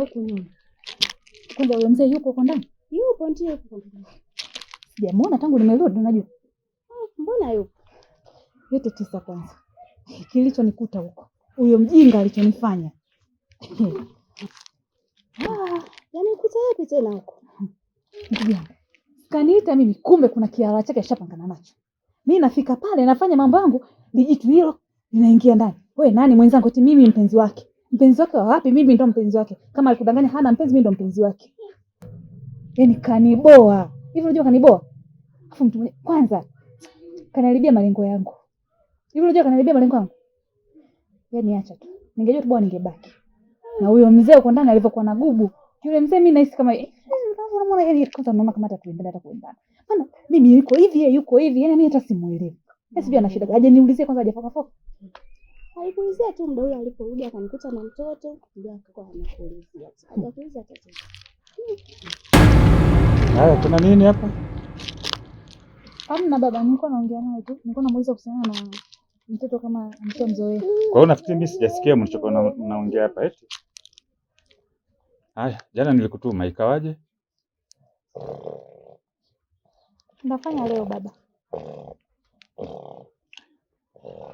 huko nyuma. Kumbe yule mzee yuko huko ndani? Yupo ndio yuko ndani. Sijamuona tangu nimerudi unajua. Ah, mbona yupo? Yote tisa kwanza. Kilichonikuta huko. Huyo mjinga alichonifanya. Ah, kuta yapi tena huko? Kaniita mimi kumbe kuna kiara chake ashapangana nacho. Mimi nafika pale nafanya mambo yangu, lijitu hilo linaingia ndani. Wewe nani mwenzangu? Eti mimi mpenzi wake. Mpenzi wake wa wapi? Mimi ndo mpenzi wake. Kama alikudanganya hana mpenzi, mimi ndo mpenzi wake. Yani kaniboa hivi, unajua kaniboa. Afu mtu mwenye kwanza kanaribia malengo yangu hivi, unajua kanaribia malengo yangu. Yani acha tu, ningejua tu bwana, ningebaki na huyo mzee uko ndani alivyokuwa na gubu yule mzee. Mimi nahisi kama naona eh, yani, kwanza naona kama atakuendelea atakuendana, maana mimi yuko hivi, yuko hivi, yani mimi hata simuelewi. Yaani sijui ana shida, aje niulizie kwanza, hajafokafoka Alikuulizia tu mda aliporudi, akamkuta na mtoto ndio akakuwa tatizo. Haya, kuna nini hapa? amna baba, nilikuwa naongea naye tu, nilikuwa namuuliza kuhusiana na mtoto kama mshamzoea. Kwa hiyo nafikiri mimi sijasikia mlichokuwa mnaongea hapa eti. Haya, jana nilikutuma ikawaje? Ndafanya leo baba.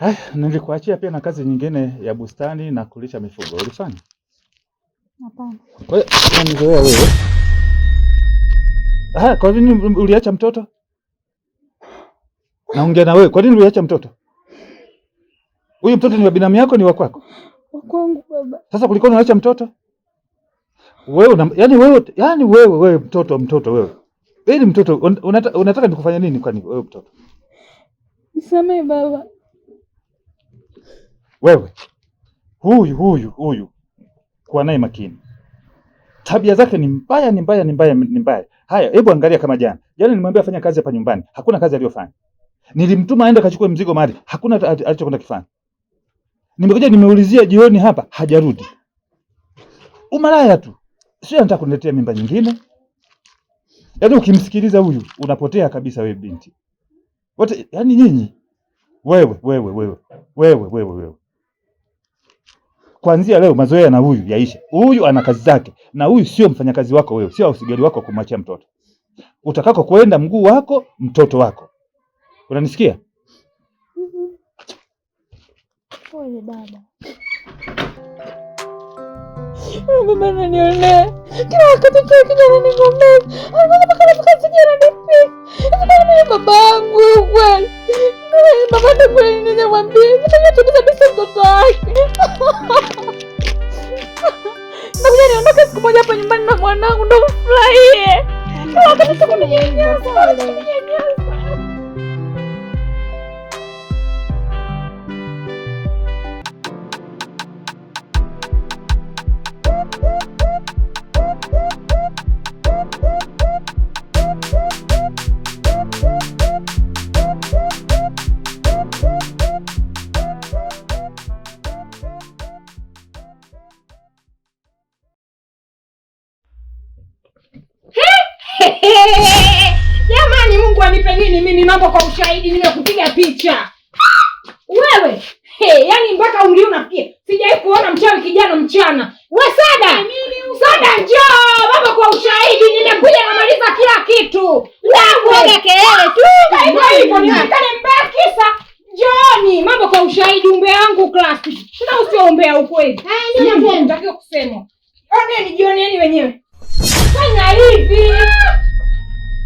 Hai, eh, nilikuachia pia na kazi nyingine ya bustani na kulisha mifugo. Ulifanya? Hapana. Kwa hiyo wewe. Ah, kwa nini uliacha mtoto? Naongea na wewe. Kwa nini uliacha mtoto? Huyu mtoto ni wa binamu yako ni wa kwako? Wa kwangu baba. Sasa kulikuwa unaacha mtoto? Wewe una, yani wewe yani wewe wewe mtoto mtoto wewe. Wewe ni yaani mtoto unataka, unataka nikufanya nini kwani wewe mtoto? Nisamee baba wewe huyu huyu huyu, kuwa naye makini, tabia zake ni mbaya, ni mbaya, ni mbaya, ni mbaya. Haya, hebu angalia kama jana jana, nilimwambia afanye kazi hapa nyumbani, hakuna kazi aliyofanya. Nilimtuma aende akachukue mzigo mahali, hakuna alichokwenda kifanya. Nimekuja nimeulizia jioni hapa, hajarudi. Umalaya tu, sio anataka kuniletea mimba nyingine. Yaani ukimsikiliza huyu unapotea kabisa, wewe binti wote, yaani nyinyi, wewe wewe wewe wewe wewe wewe kuanzia leo mazoea na huyu yaisha. Huyu ana kazi zake, na huyu sio mfanyakazi wako wewe, sio usigari wako kumwachia mtoto. Utakako kwenda mguu wako mtoto wako, unanisikia? Pole baba. Baba ananionea kila wakati kwa kijana ni Anaona mpaka mpaka kijana ni pi. Ni babangu kweli. Baba ndio kweli ninamwambia. Sasa tutabisa mtoto wake niondoke siku moja hapa nyumbani na mwanangu ndo mfurahie. Nipe nini mimi mambo kwa ushahidi, nimekupiga picha wewe. Hey, yani mpaka umri unafikia. Sijai kuona mchawi kijana mchana. We Sada, Sada njoo baba kwa ushahidi, nimekuja namaliza kila kitu. Wewe kelele tu. Hivyo hivyo nimekana mbaya kisa. Joni, mambo kwa ushahidi umbea wangu class. Sina usio umbea ukweli. Haya ndio ndio nitakiwa kusema. Joni yani wenyewe. Fanya hivi.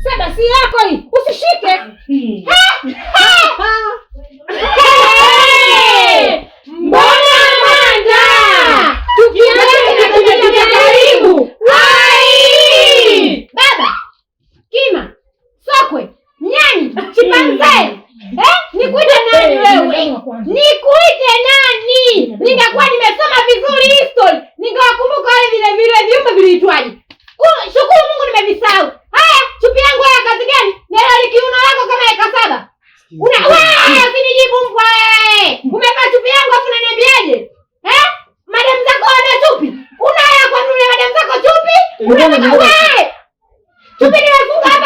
Seda si yako hii, usishike ah, hmm. kwa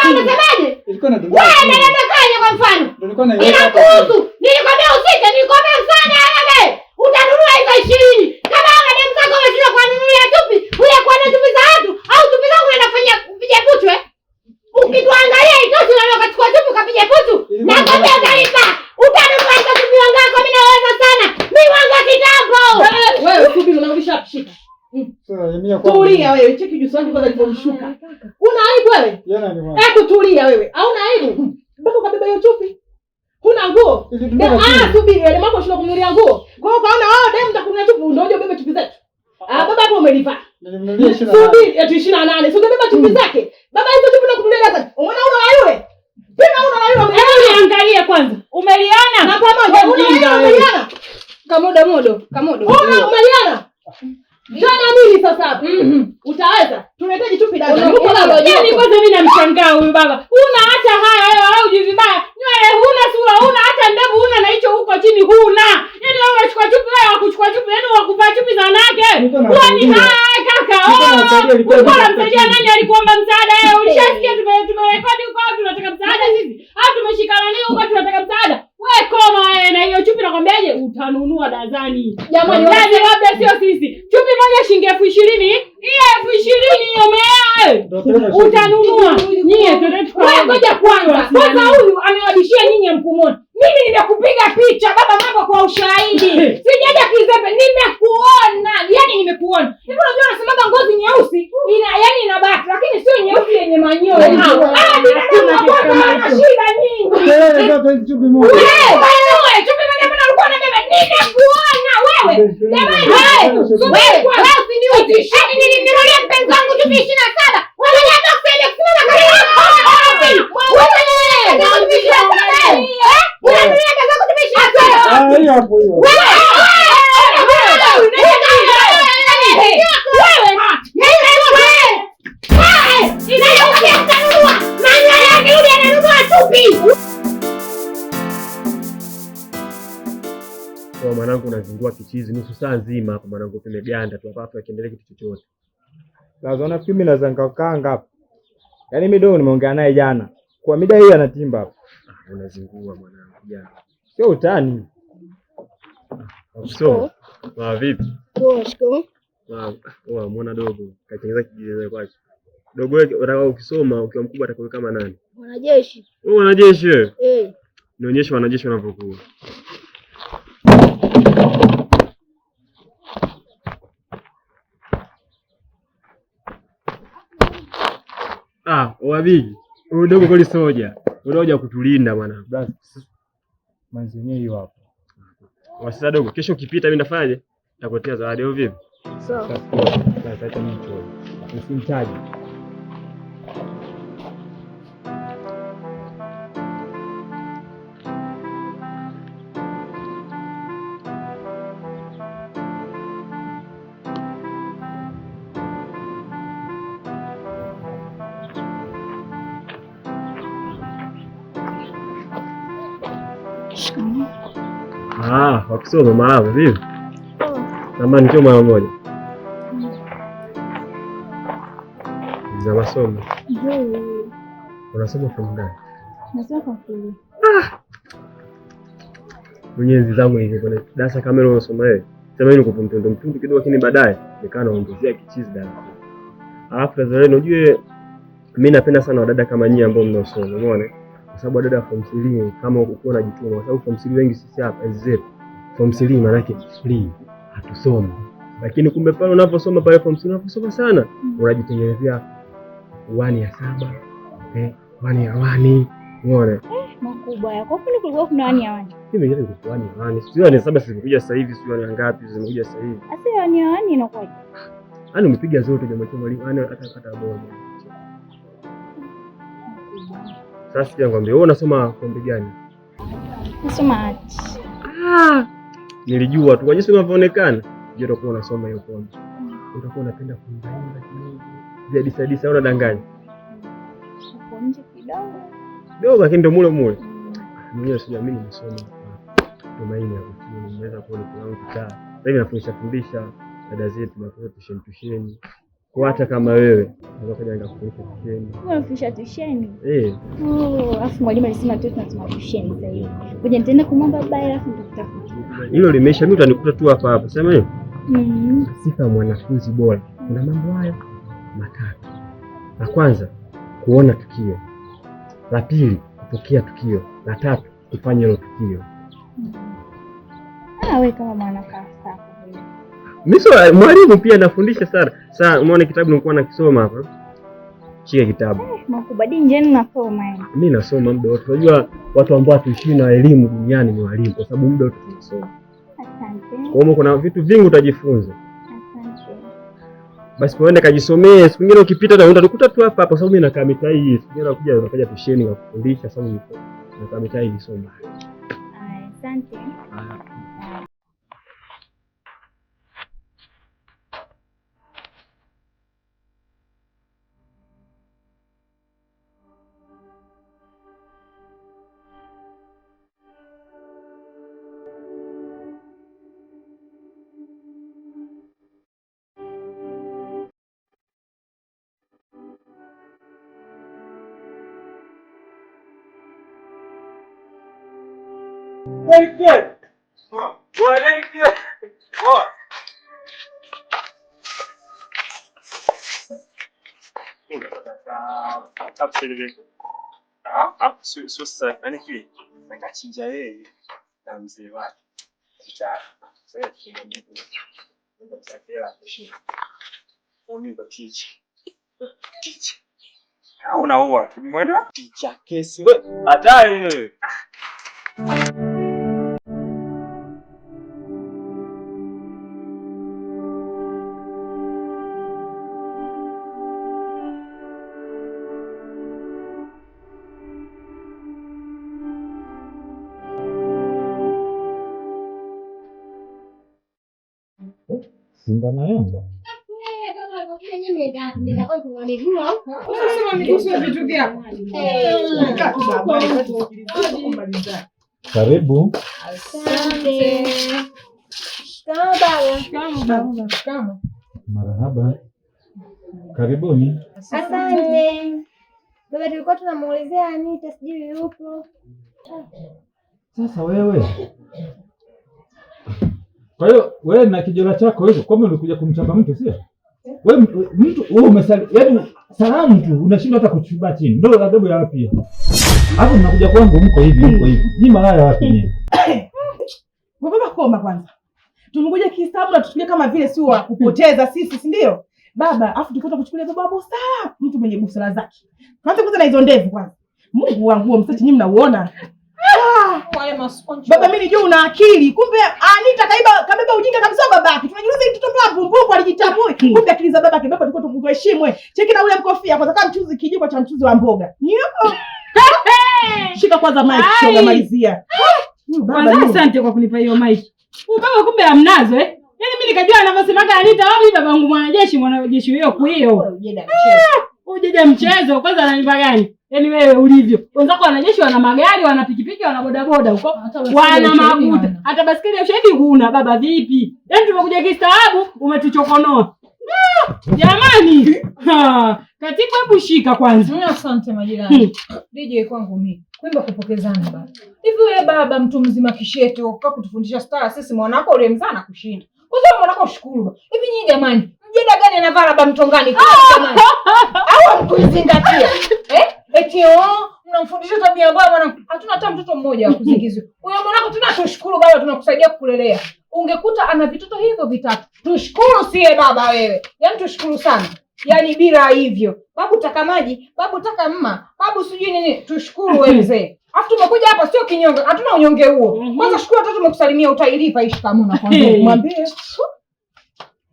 mfano inakuhusu. Nilikwambia usije, nilikwambia usana wewe utanunua hizo ishirini kama demu zako wameshinda kuwanunulia chupi, uyakuona chupi za watu au chupi zangu unafanya kupiga putu. Eh? Ukituangalia itosi, unaweza kuchukua chupi ukapiga putu. Nakwambia Tulia wewe, cheki juu Jusani kwanza alipomshuka. Una aibu wewe? Yana ni wapi? Hebu tulia wewe. Hauna aibu. Bado kabeba hiyo chupi. Huna nguo. Ah, subiri, ile yaani mambo shida kununulia nguo. Kwa hiyo kaona wao oh, demu takununulia chupi, ndio uje bebe chupi zetu. Ah, ah. baba hapo umelipa. Subiri, ya 28. Sio beba chupi hmm. zake. Baba hizo chupi na nakununulia sasa. Unaona una yule? Tena una yule. Hebu niangalie kwanza. Umeliana? Na pamoja. Umeliana. Kamodo modo, kamodo. Una umeliana? sasa mm -hmm. Utaweza? Tunahitaji tu pidada. Yaani kwanza mimi namshangaa huyu baba. Huna hata haya wewe au hivi baya Nywele huna, sura huna, hata ndevu huna na hicho huko chini huna. Yaani wewe unachukua chupi wewe wakuchukua chupi yaani wakupaa chupi za wanawake. Kwani haya kaka. Oh, ulikuwa unamsaidia nani alikuomba msaada yeye? Ulishasikia tumerekodi huko tunataka msaada sisi. Au tumeshikana leo huko tunataka msaada. Wewe koma wewe na hiyo chupi nakwambiaje utanunua dazani. Jamani, wewe labda sio sisi. Düşlerini birlikte oraya ben zangucu peşin atar. nchi hizi nusu saa nzima hapa mwanangu, tumeganda tu hapa, akiendelea kitu chochote. Sasa nafikiri na zanga nikakaanga hapa, yaani mimi ndio nimeongea naye jana kwa mida hii anatimba hapo. Ah, unazingua mwanangu, jana sio utani. Ah, so wa vipi? Poa, mwana dogo katengeneza kijiweza kwake dogo wewe unataka ukisoma ukiwa mkubwa atakuwa kama nani? Mwanajeshi. Wewe mwanajeshi wewe? Eh, nionyeshe wanajeshi wanavyokuwa Ah, wabiji. Udogo dogo kweli soja. Unaoja kutulinda bwana. Basi hiyo hapo. Wasisa dogo, kesho ukipita mimi nafanyaje? Nakuletea zawadi au vipi? Sawa. Sasa, sasa mimi tu. Usimtaje. Sio mama lava vipi? Amani kio mara moja za masomo. Unasoma fomu gani? Mwenyezi zangu hivi kwenye darasa kama hilo unasoma wewe. Sema hili nikupa mtondo mtundu kidogo, lakini baadaye nikaa naongezea kichizi dada. Alafu tazaleni, unajue mimi napenda sana wadada kama nyinyi ambao mnaosoma, umeona? Kwa sababu wadada wa form 3 kama ukiwa unajituma, kwa sababu form 3 wengi sisi hapa enzi zetu form 3 maanake free hatusomi, lakini kumbe pale unaposoma pale form 3 unaposoma sana mm. unajitengenezea wani ya saba eh, wani ya wani unaona eh, makubwa yako kule kulikuwa kuna wani ya wani. Mimi ndio nilikuwa wani ya wani. Sio wani saba zimekuja sasa hivi, sio wani ngapi zimekuja sasa hivi. Sasa wani ya wani inakuwaje? Yaani umepiga zote jamaa cha mwalimu, yaani hata hata moja. Sasa sikia ngombe, wewe unasoma kombe gani? Nasoma arts. Ah, nilijua tu kwa jinsi unavyoonekana, je, utakuwa unasoma hiyo pombe, utakuwa unapenda kuimbaimba kidogo vya disadisa au unadanganya kidogo, lakini ndio mule mule mwenyewe. Sijaamini nimesoma tumaini ya kutii, naweza kuona kilangu kitaa sasa hivi nafundisha fundisha dada zetu nafunza tusheni tusheni kwa hata kama wewe unaweza kaja unafundisha tusheni. Eh. Oh, afu mwalimu alisema tu tunasoma tusheni sasa hivi. Ngoja nitaenda kumwomba baba alafu nitakutafuta hilo limeisha. Mimi utanikuta tu hapa hapa, sema hiyo mm. Sifa mwanafunzi bora, kuna mambo haya matatu: la kwanza kuona tukio, la pili kupokea tukio, la tatu kufanya hilo tukio. Mm-hmm. Ah, wewe kama mimi mwalimu pia nafundisha sana. Sasa umeona kitabu nilikuwa nakisoma hapa Shika kitabu. Eh, Makubadi njiani nasoma. Mimi nasoma muda wote. Unajua watu ambao hatuishi na elimu duniani ni walimu kwa sababu muda wote tunasoma. Asante. Kwa hiyo kuna vitu vingi utajifunza. Asante. Basi uende kajisomee. Siku nyingine ukipita utakuta tu hapa kwa sababu mimi nakaa mitaa hii. Siku nyingine unakuja unakuja tusheni na kufundisha sababu niko nakaa mitaa hii nisoma. Asante. Absolutely. So safi. Yaani kile nakachinja yeye na mzee wake. Unaua mwenda ticha kesi wewe, hatari wewe. sindano Yanga. karibu. Marahaba, karibuni. Asante baba, tulikuwa tunamuulizia Anita, sijui yupo sasa. Wewe kwa hiyo wewe na kijora chako hicho, nini ulikuja kumchamba mtu sio? Wewe mtu wewe umesali, yaani salamu tu unashindwa hata kuchimba chini. Ndio adabu ya wapi hiyo? Hapo mnakuja kwangu mko hivi mko hivi. Ni malaya wapi nyinyi? Kwa baba koma kwanza. Tumekuja kihesabu na tuchukulie kama vile sio kupoteza sisi, si ndio? Baba, afu tukata kuchukulia baba busara, mtu mwenye busara zake. Kwanza kwanza na hizo ndevu kwanza. Mungu wangu msachi nyinyi mnauona. Baba, mimi nijua una akili. Kumbe Anita ah, kaiba kabeba ujinga kabisa babake. Tunajiuliza mtoto wa bumbuku alijitambui. Hmm. Kumbe akili za babake baba tulikuwa tumheshimwe. Cheki na ule mkofia kwanza kama mchuzi kijiko cha mchuzi wa mboga. Nipo. Shika kwanza mic, choga malizia. Baba asante kwa kunipa hiyo mic. Baba kumbe amnazo eh? Yaani mimi nikajua anavyosemaga Anita wapi baba wangu mwanajeshi mwanajeshi huyo kwa hiyo. Ujije mchezo kwanza, ananipa gani? Yaani wewe ulivyo, wenzako wanajeshi wana magari, wana pikipiki, wana bodaboda huko, wana maguta, hata basikeli ya ushahidi huna. Baba vipi? Yaani tumekuja kistaabu, umetuchokonoa jamani. Katibu, hebu shika kwanza. Asante majirani. Hmm. DJ kwangu mimi kuimba kupokezana baba. Hivi wewe baba mtu mzima kisheto, kwa kutufundisha stara sisi, mwanako ule mzana kushinda kwa sababu mwanako shukuru. Hivi nyinyi jamani jina gani anavaa labda mtongani tu jamani? Au mkuizingatia. Eh? Eti oh, mnamfundisha tabia mbaya mwanangu. Hatuna hata mtoto mmoja wa kusingizwa. Huyo mwanangu tushukuru baba tunakusaidia kukulelea. Ungekuta ana vitoto hivyo vitatu. Tushukuru sie baba wewe. Yaani tushukuru sana. Yaani bila hivyo. Babu taka maji, babu taka mma, babu sijui nini. Tushukuru wewe mzee. Afu tumekuja hapa sio kinyonge. Hatuna unyonge huo. Mhm. Kwanza shukuru watoto tumekusalimia utailipa ishi kama unakwambia. Mwambie.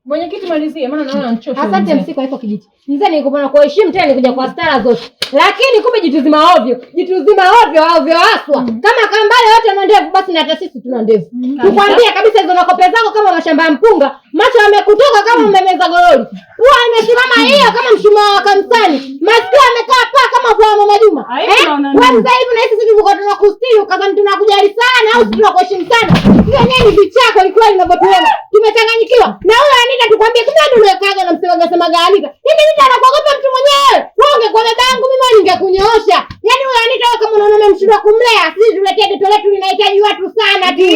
Mwenyekiti malizie, maana naona nachoka. Asante msiko haiko kijiti. Mzee nilikupona kwa heshima tena nikuja kwa stara zote. Lakini kumbe jitu zima ovyo. Jitu zima ovyo ovyo haswa. Mm. Kama kambale wote na ndevu basi na hata sisi tuna ndevu. Mm. Tukwambia kabisa hizo makope zako kama mashamba ya mpunga, macho yamekutoka kama mm. umemeza gololi. Pua imesimama mm. hiyo kama mshumaa wa kamsani. Masikio yamekaa paa kama kwa mama Juma. Eh? Kwa sasa hivi na sisi sisi tuko tunakustiri ukazani tunakujali sana au tunakuheshimu sana. Hiyo nini vichako ilikuwa inavyotuona. Ah! Tumechanganyikiwa. Na wewe Anita tukwambie kumbe ndio kaga na msemaga semaga Anita. Mimi mimi anakuogopa mtu mwenyewe. Wewe ungekuwa babangu mimi ningekunyoosha. Yaani wewe anita wewe kama unaona mshindwa kumlea, sisi tuletee joto letu linahitaji watu sana tu.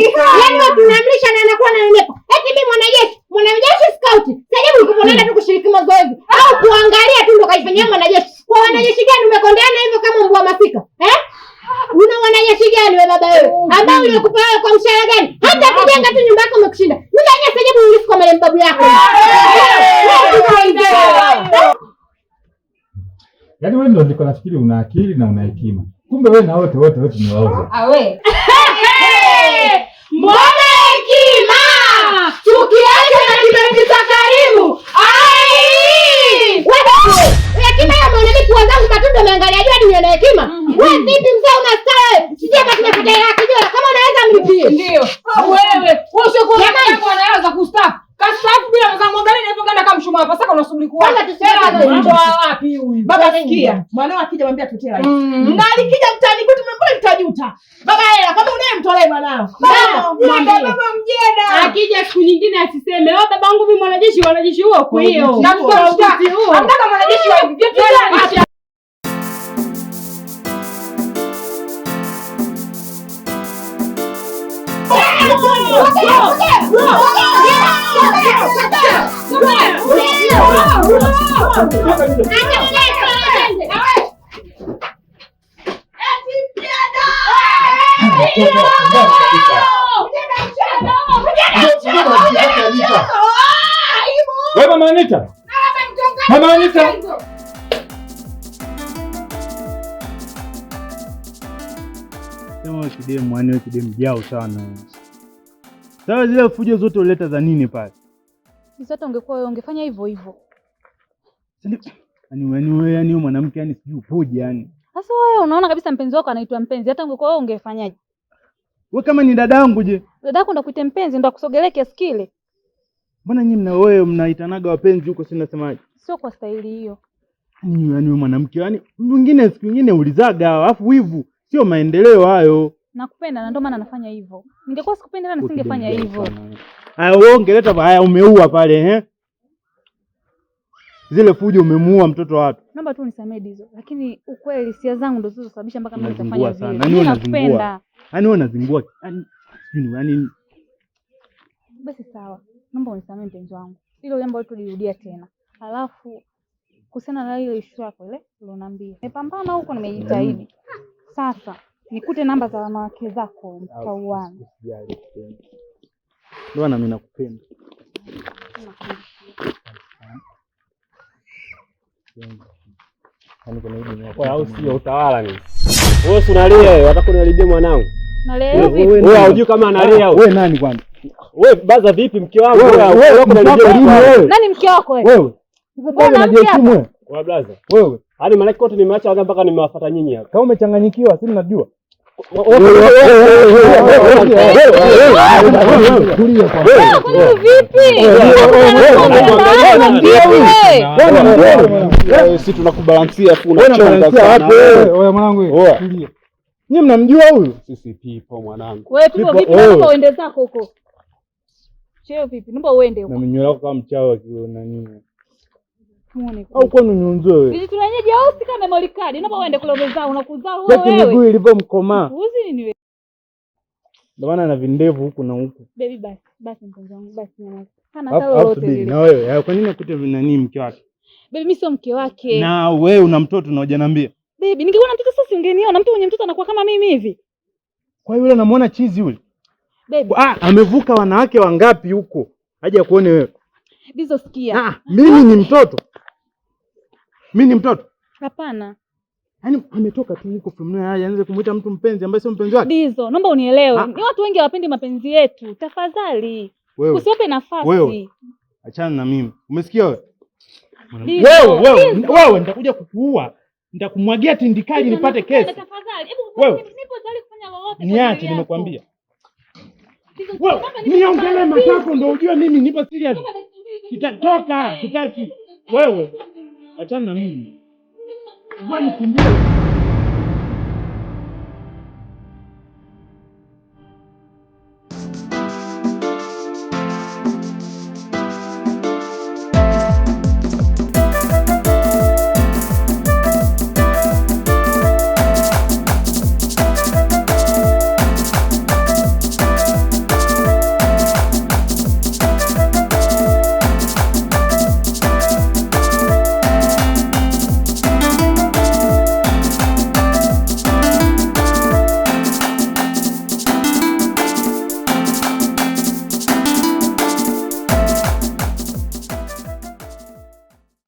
Yaani wewe tunamlisha na anakuwa ananenepa. Eti mimi mwanajeshi, mwanajeshi scout. Sajibu uko mwanaenda hmm. tu kushiriki mazoezi au kuangalia tu ndo kaifanyia mwanajeshi. Kwa wanajeshi gani umekondeana hivyo kama mbwa masika? Eh? nyasi gani wewe baba wewe? Oh, ambao uliokupa wewe kwa mshahara gani? Hata kujenga tu nyumba yako umekushinda. Ule nyasi ajabu ulifu kwa mali mbabu yako. Yaani wewe ndio niko nafikiri una akili na una hekima. Kumbe wewe na wote wote wote ni waovu. Ah wewe. Mbona hekima? Tukiacha na kibeti za karibu. Ai! Wewe mtu ameangalia jua dunia na hekima. Mhm. Wewe vipi mzee, una style? Sisi tunapata hela kidogo, kama unaweza mlipie. Ndio. Ah. Wewe, wewe sio kwa sababu anaweza kustaafu. Kastaafu bila mzangu ngani ni hivyo ganda kama mshumaa hapa sasa unasubiri kwa. Kama tuseme mtu wapi huyu? Baba sikia. Mwanao akija mwambia tutela rais. Mm. Na alikija mtani kwetu mmepata mtajuta? Baba hela kama unaye mtolee mwanao. Baba baba mjeda. Akija siku nyingine asiseme, "Oh baba wangu mimi mwanajeshi, mwanajeshi huo kwa hiyo." Na kwa huo. Anataka mwanajeshi wa vipi? Wewe mama Anita. Mama Anita. kidemu, yaani wewe kidemu jao sana. Sasa zile fujo zote uleta za nini pale? Sasa hata ungekuwa wewe ungefanya hivyo hivyo. Yaani wewe yaani wewe yaani mwanamke yaani sijui upoje yaani. Sasa wewe unaona kabisa mpenzi wako anaitwa mpenzi, hata ungekuwa wewe ungefanyaje? Wewe kama ni dadangu je? Dadako ndo kuite mpenzi ndo akusogelee kiasi kile. Mbona nyinyi mna wewe mnaitanaga wapenzi huko, si nasemaje? Sio kwa staili hiyo. Yaani wewe mwanamke yaani mwingine siku nyingine ulizaga, alafu wivu sio maendeleo hayo nakupenda na ndio maana nafanya hivyo. Ningekuwa sikupenda na singefanya hivyo. Haya wewe ungeleta haya, umeua pale eh? Zile fujo umemuua mtoto wa watu. Naomba tu unisamee hizo, lakini ukweli sia zangu ndio zilizosababisha mpaka mimi nitafanya hivyo. Yaani wewe unazingua. Yaani wewe unazingua. Yaani yaani basi sawa. Naomba unisamee mpenzi wangu. Hilo jambo tulirudia tena. Alafu kuhusiana na ile issue yako ile ulionambia. Nimepambana huko nimejitahidi. Mm. Sasa nikute namba za wanawake zako mtauana. Ndio nami nakupenda. Yaani au sio utawala ni wewe, si unalia wataka uniharibie mwanangu? Wewe hujui kama analia ah, wewe. Nani kwanza wewe? Baza vipi mke wangu? Nani mke wako wewe? Wewe blaza wewe, hadi maana kote nimeacha mpaka nimewafuata nyinyi hapa. Kama umechanganyikiwa, si najua si tunakubalansia tu, mwanangu. Nyie mnamjua huyu? Sisi pipo, mwanangu. Uende zako huko, cheo vipi? Naomba uende huko, na mnywele wako kama mchawi nani au kwenu niunzwe wewe. molikadi. uende kule wewe. Sasa miguu ilivyomkomaa. Uzi nini wewe? Ndio maana vindevu huku na huku. Baby basi, basi mpenzi wangu, basi Hana wote Na wewe, eh, kwa nini nani mke wake? Baby mimi sio mke wake. Na wewe una mtoto na hujaniambia. Baby, ningekuwa na mtoto sasa mtu mwenye mtoto anakuwa kama mimi hivi. Kwa hiyo yule namuona chizi yule. Baby. Ah, amevuka wanawake wangapi huko? Haja kuone wewe. Dizo sikia. Ah, mimi ni mtoto. Mimi ni mtoto? Hapana. Yaani ametoka tu huko from nowhere aanze kumuita mtu mpenzi ambaye sio mpenzi wake. Dizo, naomba unielewe. Ah. Ni watu wengi hawapendi mapenzi yetu. Tafadhali. Usiwape nafasi. Wewe. Achana na mimi. Umesikia wewe? Wewe, wewe, wewe nitakuja kukuua. Nitakumwagia tindikali nipate kesi. Tafadhali. Hebu nipo tayari kufanya lolote. Niache nimekwambia. Wewe, niongelee matako ndio ujue mimi nipo serious. Kitatoka, kitaki. Wewe. Achana na mimi. Wewe nikimbie.